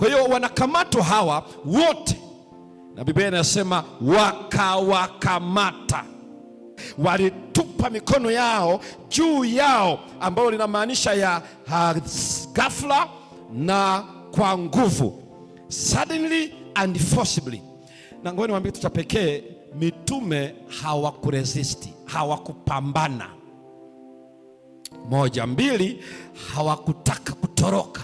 Kwa hiyo wanakamatwa hawa wote, na Biblia inasema wakawakamata, walitupa mikono yao juu yao, ambayo linamaanisha ya ghafla na kwa nguvu, suddenly and forcibly. Na ngoja niwaambie kitu cha pekee, mitume hawakuresisti, hawakupambana. Moja, mbili, hawakutaka kutoroka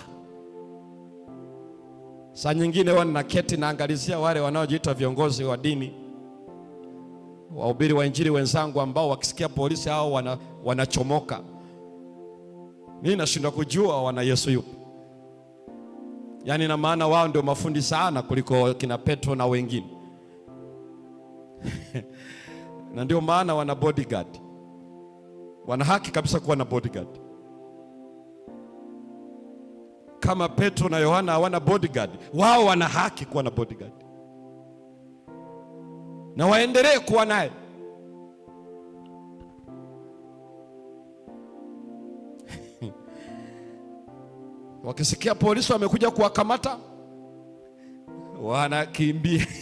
Saa nyingine huwa ninaketi naangalizia wale wanaojiita viongozi wa dini, wahubiri wa injili wenzangu ambao wakisikia polisi hao wana, wanachomoka. Mimi nashindwa kujua wana Yesu yupi, yaani na maana wao ndio mafundi sana kuliko kina Petro na wengine na ndio maana wana bodyguard, wana haki kabisa kuwa na bodyguard. Kama Petro na Yohana hawana bodyguard, wao wana haki kuwa na bodyguard na waendelee kuwa naye. Wakisikia polisi wamekuja kuwakamata wanakimbia.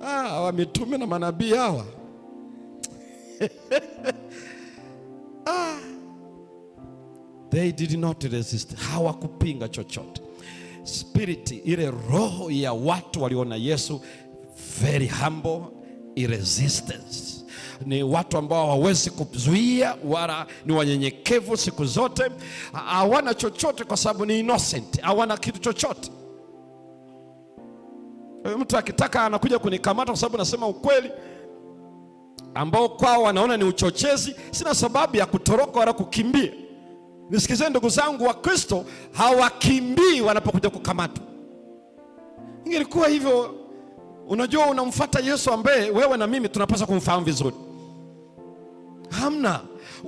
Ah, hawa mitume na manabii hawa They did not resist, hawakupinga chochote. Spirit ile roho ya watu waliona Yesu very humble irresistance ni watu ambao hawawezi kuzuia wala ni wanyenyekevu siku zote, hawana chochote kwa sababu ni innocent, hawana kitu chochote. Eh, mtu akitaka anakuja kunikamata kwa sababu nasema ukweli ambao kwao wanaona ni uchochezi. Sina sababu ya kutoroka wala kukimbia. Nisikizeni ndugu zangu, wa kristo hawakimbii wanapokuja kukamatwa. Ingelikuwa hivyo, unajua unamfuata Yesu ambaye wewe na mimi tunapaswa kumfahamu vizuri. Hamna,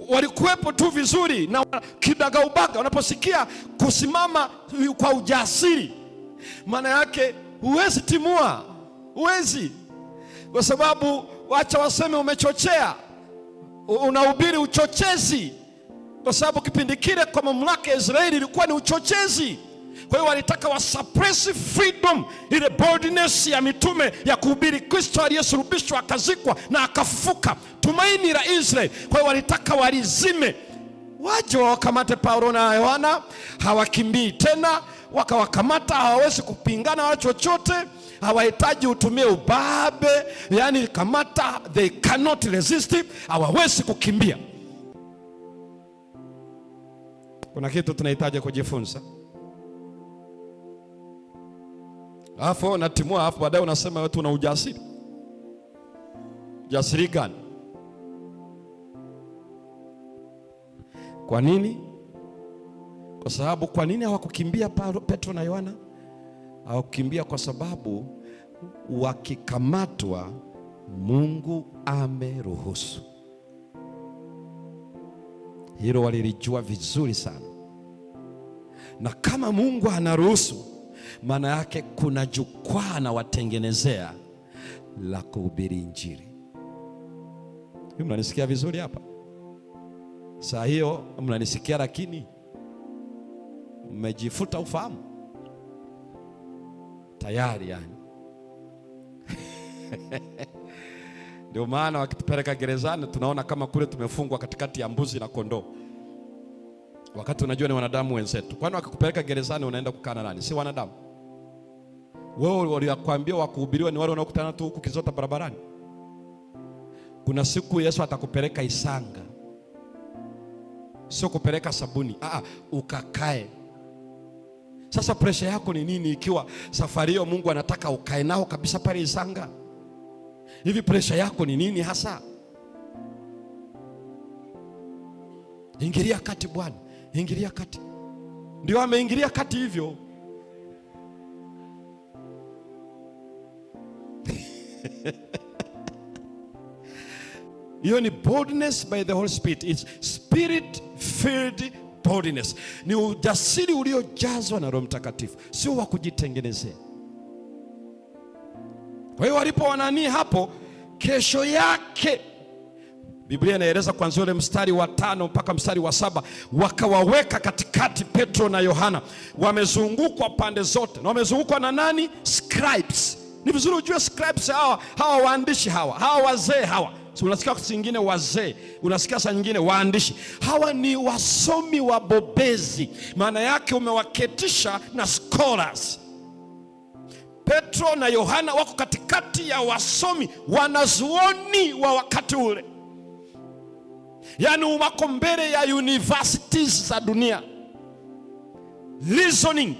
walikuwepo tu vizuri na ubaga, wanaposikia kusimama kwa ujasiri, maana yake huwezi timua, huwezi kwa sababu wacha waseme umechochea, unahubiri uchochezi kwa sababu kipindi kile kwa mamlaka ya Israeli ilikuwa ni uchochezi. Kwa hiyo walitaka wasuppress freedom, ile boldness ya mitume ya kuhubiri Kristo aliyesulubishwa akazikwa na akafufuka, tumaini la Israeli. Kwa hiyo walitaka walizime, waje wawakamate Paulo na Yohana. Hawakimbii tena, wakawakamata. Hawawezi kupingana wala chochote, hawahitaji utumie ubabe, yaani kamata, they cannot resist, hawawezi kukimbia. Kuna kitu tunahitaji kujifunza, alafu unatimua, hapo, baadaye unasema wewe una ujasiri. Ujasiri gani? Kwa nini? Kwa sababu, kwa nini hawakukimbia Petro na Yohana? Hawakukimbia kwa sababu wakikamatwa, Mungu ameruhusu hilo, walilijua vizuri sana. Na kama Mungu anaruhusu, maana yake kuna jukwaa anawatengenezea la kuhubiri Injili. Mnanisikia vizuri hapa? Saa hiyo mnanisikia, lakini mmejifuta ufahamu tayari, yani ndio maana wakitupeleka gerezani tunaona kama kule tumefungwa katikati ya mbuzi na kondoo wakati unajua ni wanadamu wenzetu. Kwani wakikupeleka gerezani unaenda kukaa na nani? Si wanadamu? Wewe waliwakwambia wakuhubiriwa ni wale wanaokutana tu huku kizota barabarani. Kuna siku Yesu atakupeleka Isanga, sio kupeleka sabuni. Aa, ukakae sasa. Presha yako ni nini ikiwa safari hiyo Mungu anataka ukae nao kabisa pale Isanga? Hivi presha yako ni nini hasa? Ingilia kati Bwana ingilia kati. Ndio ameingilia kati hivyo hiyo ni boldness by the Holy Spirit. It's spirit filled boldness, ni ujasiri uliojazwa na Roho Mtakatifu, sio wa kujitengenezea. Kwa hiyo walipo wanani hapo, kesho yake Biblia inaeleza kuanzia ule mstari wa tano mpaka mstari wa saba wakawaweka katikati Petro na Yohana, wamezungukwa pande zote na wamezungukwa na nani? Scribes. Ni vizuri ujue scribes hawa, hawa waandishi hawa, hawa wazee hawa unasikia saa nyingine wazee, unasikia saa nyingine waandishi. Hawa ni wasomi wabobezi, maana yake umewaketisha na scholars. Petro na Yohana wako katikati ya wasomi wanazuoni wa wakati ule yaani wako mbele ya universities za dunia. Reasoning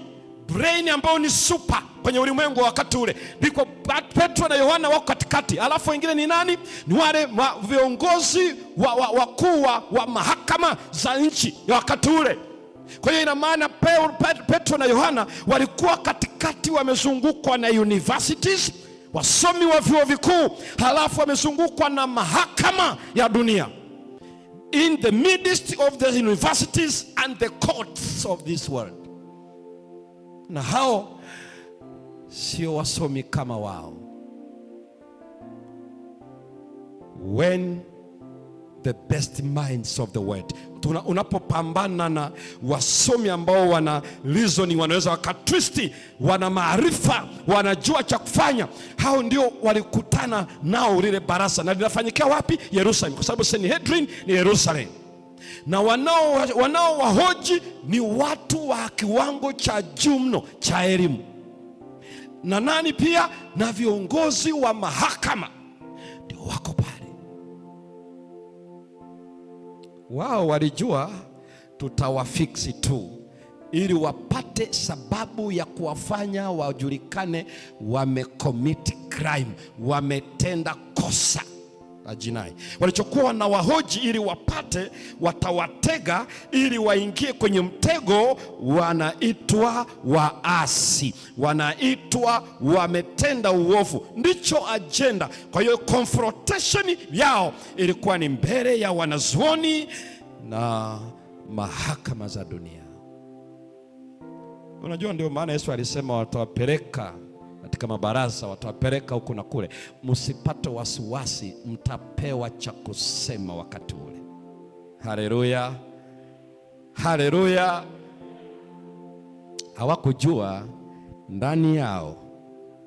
brain ambayo ni super kwenye ulimwengu wa wakati ule, biko Petro na Yohana wako katikati. Alafu wengine ni nani? Ni wale wa viongozi wakuu wa, wa, wa mahakama za nchi ya wakati ule. Kwa hiyo ina maana Petro na Yohana walikuwa katikati, wamezungukwa na universities, wasomi wa vyuo vikuu, halafu wamezungukwa na mahakama ya dunia in the midst of the universities and the courts of this world. Na hao sio wasomi kama wao. When the best minds of the world. Tuna, unapopambana na wasomi ambao wana reason, wanaweza wakatwisti, wana maarifa, wanajua cha kufanya. Hao ndio walikutana nao lile barasa, na linafanyikia wapi? Yerusalemu, kwa sababu Sanhedrin ni Yerusalem, na wanao wahoji ni watu wa kiwango cha juu mno cha elimu, na nani pia na viongozi wa mahakama ndio wako Wao walijua tutawafiksi tu ili wapate sababu ya kuwafanya wajulikane wamecommit crime, wametenda kosa ajinai. jinai. Walichokuwa wahoji ili wapate, watawatega ili waingie kwenye mtego, wanaitwa waasi, wanaitwa wametenda uovu, ndicho ajenda. Kwa hiyo confrontation yao ilikuwa ni mbele ya wanazuoni na mahakama za dunia. Unajua, ndio maana Yesu alisema watawapeleka katika mabaraza, watapeleka huku na kule. Msipate wasiwasi, mtapewa cha kusema wakati ule. Haleluya, haleluya. Hawakujua ndani yao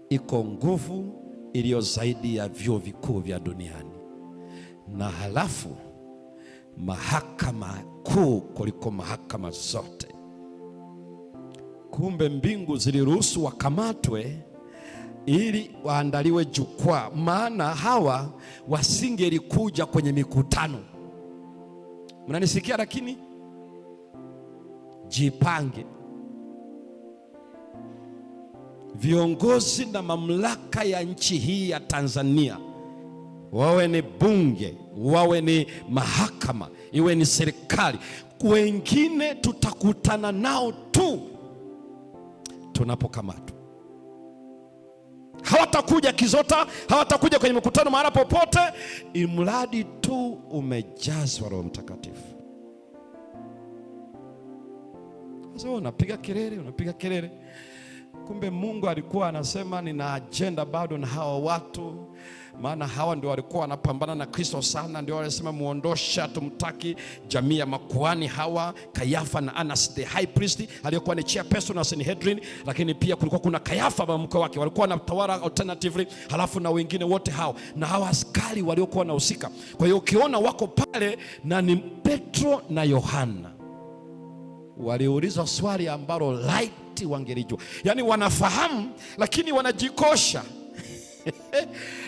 iko nguvu iliyo zaidi ya vyuo vikuu vya duniani na halafu mahakama kuu kuliko mahakama zote. Kumbe mbingu ziliruhusu wakamatwe ili waandaliwe jukwaa, maana hawa wasingelikuja kwenye mikutano. Mnanisikia? Lakini jipange, viongozi na mamlaka ya nchi hii ya Tanzania, wawe ni bunge, wawe ni mahakama, iwe ni serikali, wengine tutakutana nao tu tunapokamatwa hawatakuja Kizota, hawatakuja kwenye mkutano mahala popote, imradi tu umejazwa Roho Mtakatifu. Sasa unapiga kelele, unapiga kelele, kumbe Mungu alikuwa anasema nina ajenda bado na hawa watu maana hawa ndio walikuwa wanapambana na Kristo sana, ndio walisema muondosha, tumtaki jamii ya makuhani hawa, Kayafa na Anas the high priest aliyokuwa ni chairperson na Sanhedrin, lakini pia kulikuwa kuna Kayafa ba mke wake walikuwa wanatawala alternatively, halafu na wengine wote hao na hawa askari waliokuwa wanahusika. Kwa hiyo ukiona wako pale na ni Petro na Yohana waliuliza swali ambalo light wangelijua, yaani wanafahamu lakini wanajikosha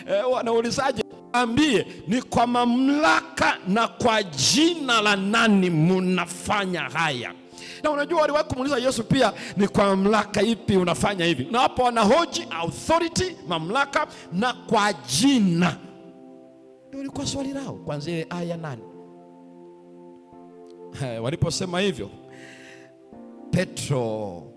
Eh, wanaulizaje? Ambie ni kwa mamlaka na kwa jina la nani munafanya haya? Na unajua waliwahi kumuuliza Yesu pia, ni kwa mamlaka ipi unafanya hivi? Na hapo wanahoji authority, mamlaka na kwa jina. Ndio ilikuwa swali lao kwanza, ile aya nane. Eh, waliposema hivyo Petro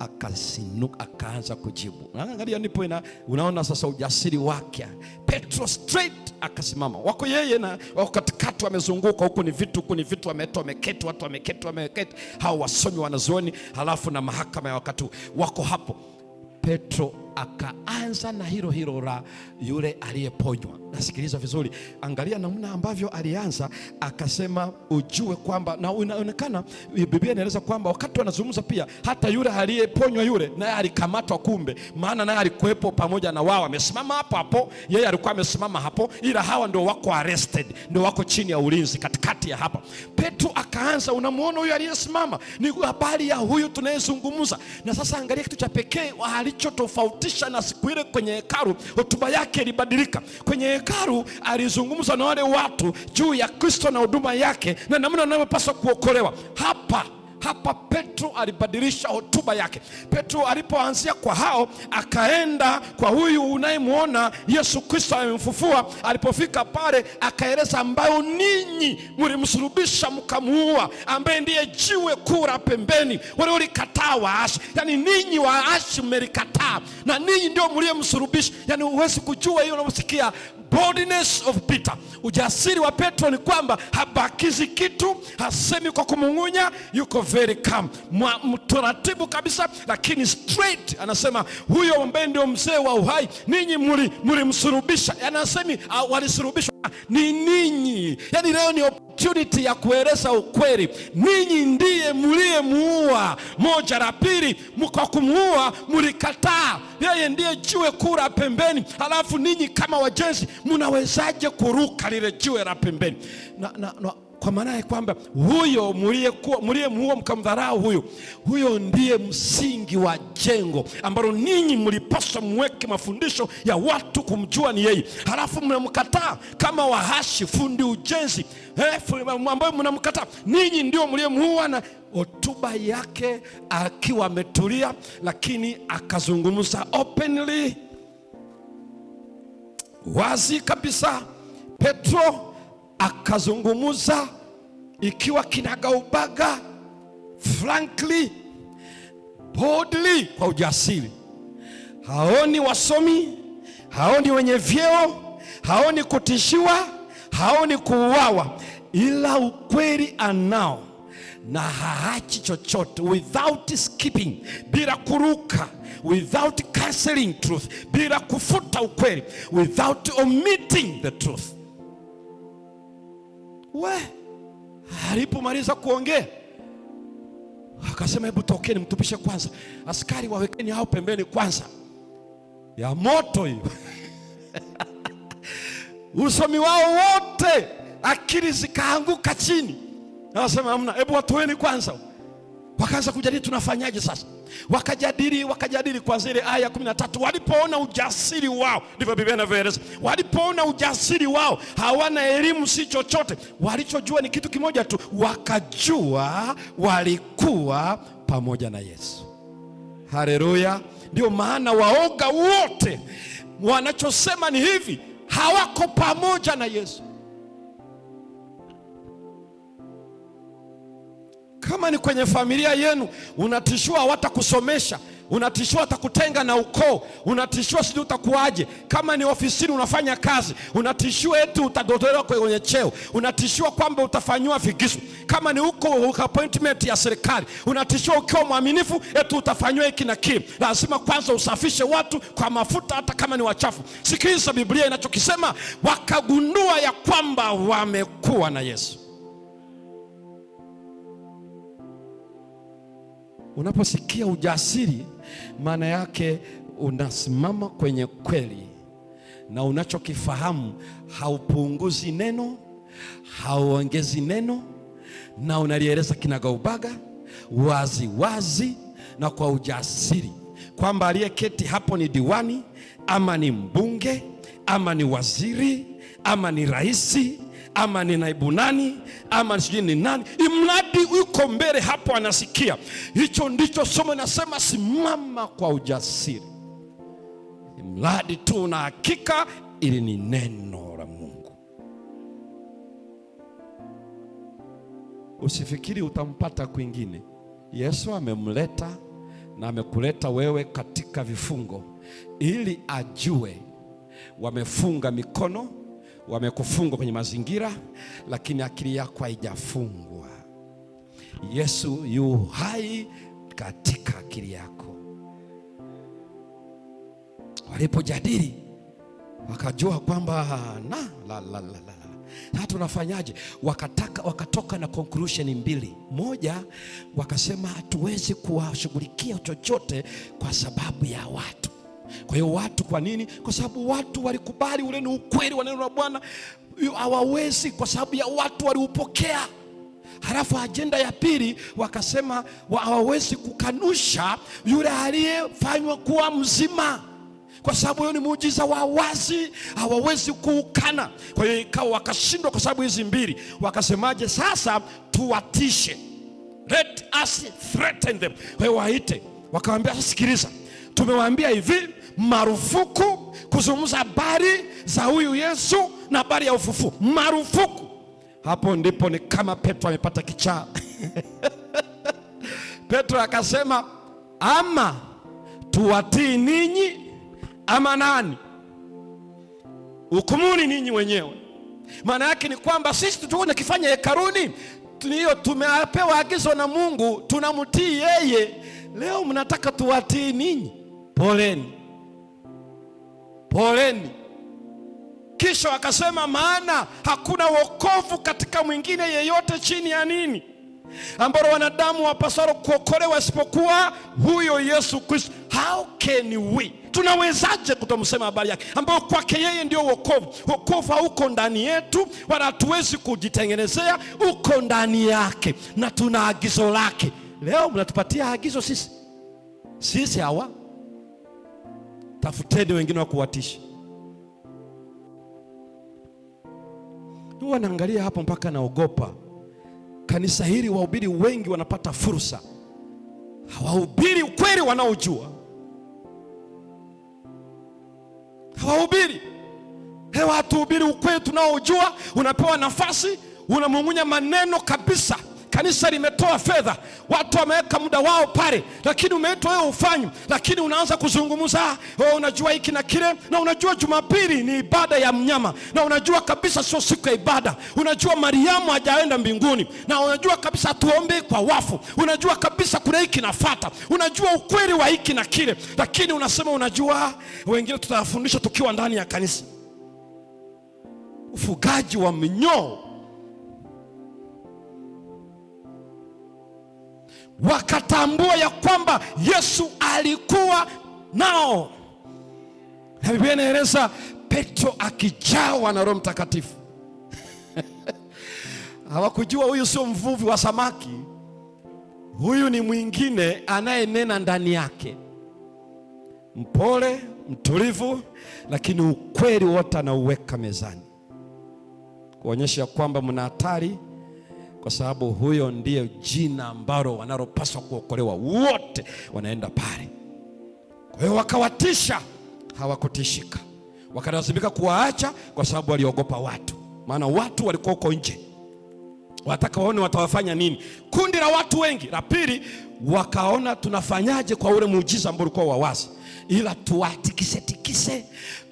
akasinuka akaanza kujibu. Angalia nipo ina, unaona sasa ujasiri wake. Petro straight akasimama, wako yeye na wako katikati, wamezunguka huku ni vitu, huku ni vitu, wameta wameketi, watu wameketi, wameketi hao wasomi wanazuoni, halafu na mahakama ya wakati wako hapo. Petro akaanza na hilo hilo la yule aliyeponywa. Nasikiliza vizuri, angalia namna ambavyo alianza, akasema ujue kwamba, na inaonekana Biblia inaeleza kwamba wakati wanazungumza pia hata yule aliyeponywa yule naye alikamatwa, kumbe maana naye alikuwepo pamoja na wao, amesimama hapo hapo, yeye alikuwa amesimama hapo, ila hawa ndio wako arrested, ndio wako chini ya ulinzi katikati ya hapa. Petro akaanza, unamwona huyu aliyesimama, ni habari ya huyu tunayezungumza na sasa. Angalia kitu cha pekee alichotofauti alipotisha na siku ile kwenye hekalu, hotuba yake ilibadilika. Kwenye hekalu alizungumza na wale watu juu ya Kristo na huduma yake na namna wanavyopaswa kuokolewa. Hapa hapa Petro alibadilisha hotuba yake. Petro alipoanzia kwa hao, akaenda kwa huyu unayemwona Yesu Kristo amemfufua. Alipofika pale, akaeleza ambayo ninyi mlimsulubisha mkamuua, ambaye ndiye jiwe kuu la pembeni walikataa waashi. Yani ninyi waashi mmelikataa, na ninyi ndio mliyemsulubisha. Yani huwezi kujua hiyo unaposikia boldness of Peter, ujasiri wa Petro ni kwamba habakizi kitu, hasemi kwa kumung'unya, yuko very calm, mtaratibu kabisa, lakini straight. Anasema huyo ambaye ndio mzee wa uhai, ninyi mlimsurubisha, yani anasemi ah, walisurubishwa ah, ni ninyi, yani leo ni opportunity ya kueleza ukweli. Ninyi ndiye mliyemuua. Moja la pili, kwa kumuua mlikataa, yeye ndiye jiwe kuu la pembeni. Halafu ninyi kama wajenzi, mnawezaje kuruka lile jiwe la pembeni? na, na, na. Kwa maana ya kwamba huyo mliyemuua mkamdharau huyo, huyo ndiye msingi wa jengo ambalo ninyi mlipaswa muweke mafundisho ya watu kumjua ni yeye, halafu mnamkataa kama wahashi, fundi ujenzi eh, ambayo mnamkataa ninyi, ndio mliyemuua. Na hotuba yake akiwa ametulia, lakini akazungumza openly, wazi kabisa, Petro akazungumuza ikiwa kinagaubaga, frankly, boldly, kwa ujasiri. Haoni wasomi, haoni wenye vyeo, haoni kutishiwa, haoni kuuawa, ila ukweli anao na haachi chochote, without skipping, bila kuruka, without canceling truth, bila kufuta ukweli, without omitting the truth we. Alipomaliza kuongea akasema, hebu tokeni mtupishe kwanza, askari wawekeni hao pembeni kwanza ya moto hiyo usomi wao wote, akili zikaanguka chini, anasema hamna, hebu watoeni kwanza. Wakaanza kujadili tunafanyaje sasa wakajadili wakajadili kwa zile aya 13 Walipoona ujasiri wao, ndivyo Biblia inavyoeleza, walipoona ujasiri wao, hawana elimu, si chochote, walichojua ni kitu kimoja tu, wakajua walikuwa pamoja na Yesu. Haleluya! Ndio maana waoga wote wanachosema ni hivi, hawako pamoja na Yesu. Kama ni kwenye familia yenu unatishiwa watakusomesha, unatishiwa atakutenga na ukoo, unatishiwa sijui utakuwaje. Kama ni ofisini unafanya kazi, unatishiwa eti utagodolewa kwenye cheo, unatishiwa kwamba utafanyiwa figisu. Kama ni huko appointment ya serikali, unatishiwa ukiwa mwaminifu eti utafanyiwa hiki na kile. Lazima kwanza usafishe watu kwa mafuta, hata kama ni wachafu. Sikiliza Biblia inachokisema, wakagundua ya kwamba wamekuwa na Yesu. Unaposikia ujasiri, maana yake unasimama kwenye kweli na unachokifahamu haupunguzi neno, hauongezi neno, na unalieleza kinagaubaga wazi wazi na kwa ujasiri kwamba aliyeketi hapo ni diwani ama ni mbunge ama ni waziri ama ni raisi, ama ni naibu nani ama sijui ni nani, imradi yuko mbele hapo anasikia. Hicho ndicho somo linasema, simama kwa ujasiri, imradi tu na hakika ili ni neno la Mungu. Usifikiri utampata kwingine. Yesu amemleta na amekuleta wewe katika vifungo, ili ajue wamefunga mikono wamekufungwa kwenye mazingira, lakini akili yako haijafungwa. Yesu yu hai katika akili yako. Walipojadili wakajua kwamba na la, la, la, la. Sasa tunafanyaje? Wakataka, wakatoka na conclusion mbili. Moja, wakasema hatuwezi kuwashughulikia chochote kwa sababu ya watu kwa hiyo watu, kwa nini? Kwa sababu watu walikubali ule ni ukweli wa neno la Bwana. Hawawezi kwa sababu ya watu waliupokea. Halafu ajenda ya pili wakasema hawawezi kukanusha yule aliyefanywa kuwa mzima, kwa sababu hiyo ni muujiza wa wazi, hawawezi kuukana. Kwa hiyo ikawa wakashindwa kwa sababu hizi mbili. Wakasemaje? Sasa tuwatishe, let us threaten them. Kwa hiyo waite, wakawaambia, sikiliza, tumewaambia hivi marufuku kuzungumza habari za huyu Yesu na habari ya ufufuo, marufuku. Hapo ndipo ni kama Petro amepata kichaa Petro akasema, ama tuwatii ninyi ama nani? Hukumuni ninyi wenyewe. Maana yake ni kwamba sisi tutakuwa kifanya hekaruni hiyo tumepewa agizo na Mungu, tunamtii yeye. Leo mnataka tuwatii ninyi? Poleni poleni. Kisha wakasema, maana hakuna wokovu katika mwingine yeyote chini ya nini, ambalo wanadamu wapasaro kuokolewa isipokuwa huyo Yesu Kristo. How can we Tunawezaje kutomsema habari yake ambayo kwake yeye ndio wokovu? Wokovu hauko ndani yetu, wala hatuwezi kujitengenezea, uko ndani yake na tuna agizo lake. Leo mnatupatia agizo sisi, sisi hawa tafuteni wengine wa kuwatisha. Huwa naangalia hapo mpaka naogopa. Kanisa hili wahubiri wengi wanapata fursa, hawahubiri ukweli wanaojua, hawahubiri hewa, hatuhubiri ukweli tunaojua. Unapewa nafasi, unamung'unya maneno kabisa. Kanisa limetoa fedha, watu wameweka muda wao pale, lakini umeitwa wewe ufanye, lakini unaanza kuzungumza oh, unajua hiki na kile, na unajua Jumapili ni ibada ya mnyama, na unajua kabisa sio siku ya ibada. Unajua Mariamu hajaenda mbinguni, na unajua kabisa tuombe kwa wafu, unajua kabisa kuna hiki nafata, unajua ukweli wa hiki na kile, lakini unasema unajua, wengine tutawafundisha tukiwa ndani ya kanisa ufugaji wa minyoo wakatambua ya kwamba Yesu alikuwa nao, na Biblia inaeleza Petro akijawa na Roho Mtakatifu hawakujua huyu sio mvuvi wa samaki, huyu ni mwingine anayenena ndani yake, mpole mtulivu, lakini ukweli wote anauweka mezani kuonyesha kwamba mna hatari kwa sababu huyo ndiyo jina ambalo wanalopaswa kuokolewa. Wote wanaenda pale. Kwa hiyo wakawatisha, hawakutishika, wakalazimika kuwaacha kwa sababu waliogopa watu, maana watu walikuwa huko nje wataka waone watawafanya nini. Kundi la watu wengi la pili wakaona tunafanyaje kwa ule muujiza ambao ulikuwa wawazi, ila tuwatikise tikise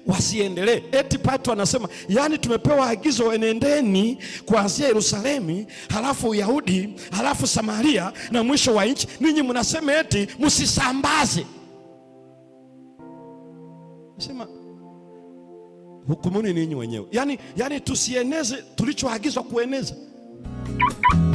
wasiendelee. Eti Petro anasema yani tumepewa agizo, enendeni kuanzia Yerusalemu, halafu Uyahudi, halafu Samaria na mwisho wa nchi. Ninyi mnasema eti msisambaze. Nasema hukumuni ninyi wenyewe, yaani yani tusieneze tulichoagizwa kueneza. Thank you.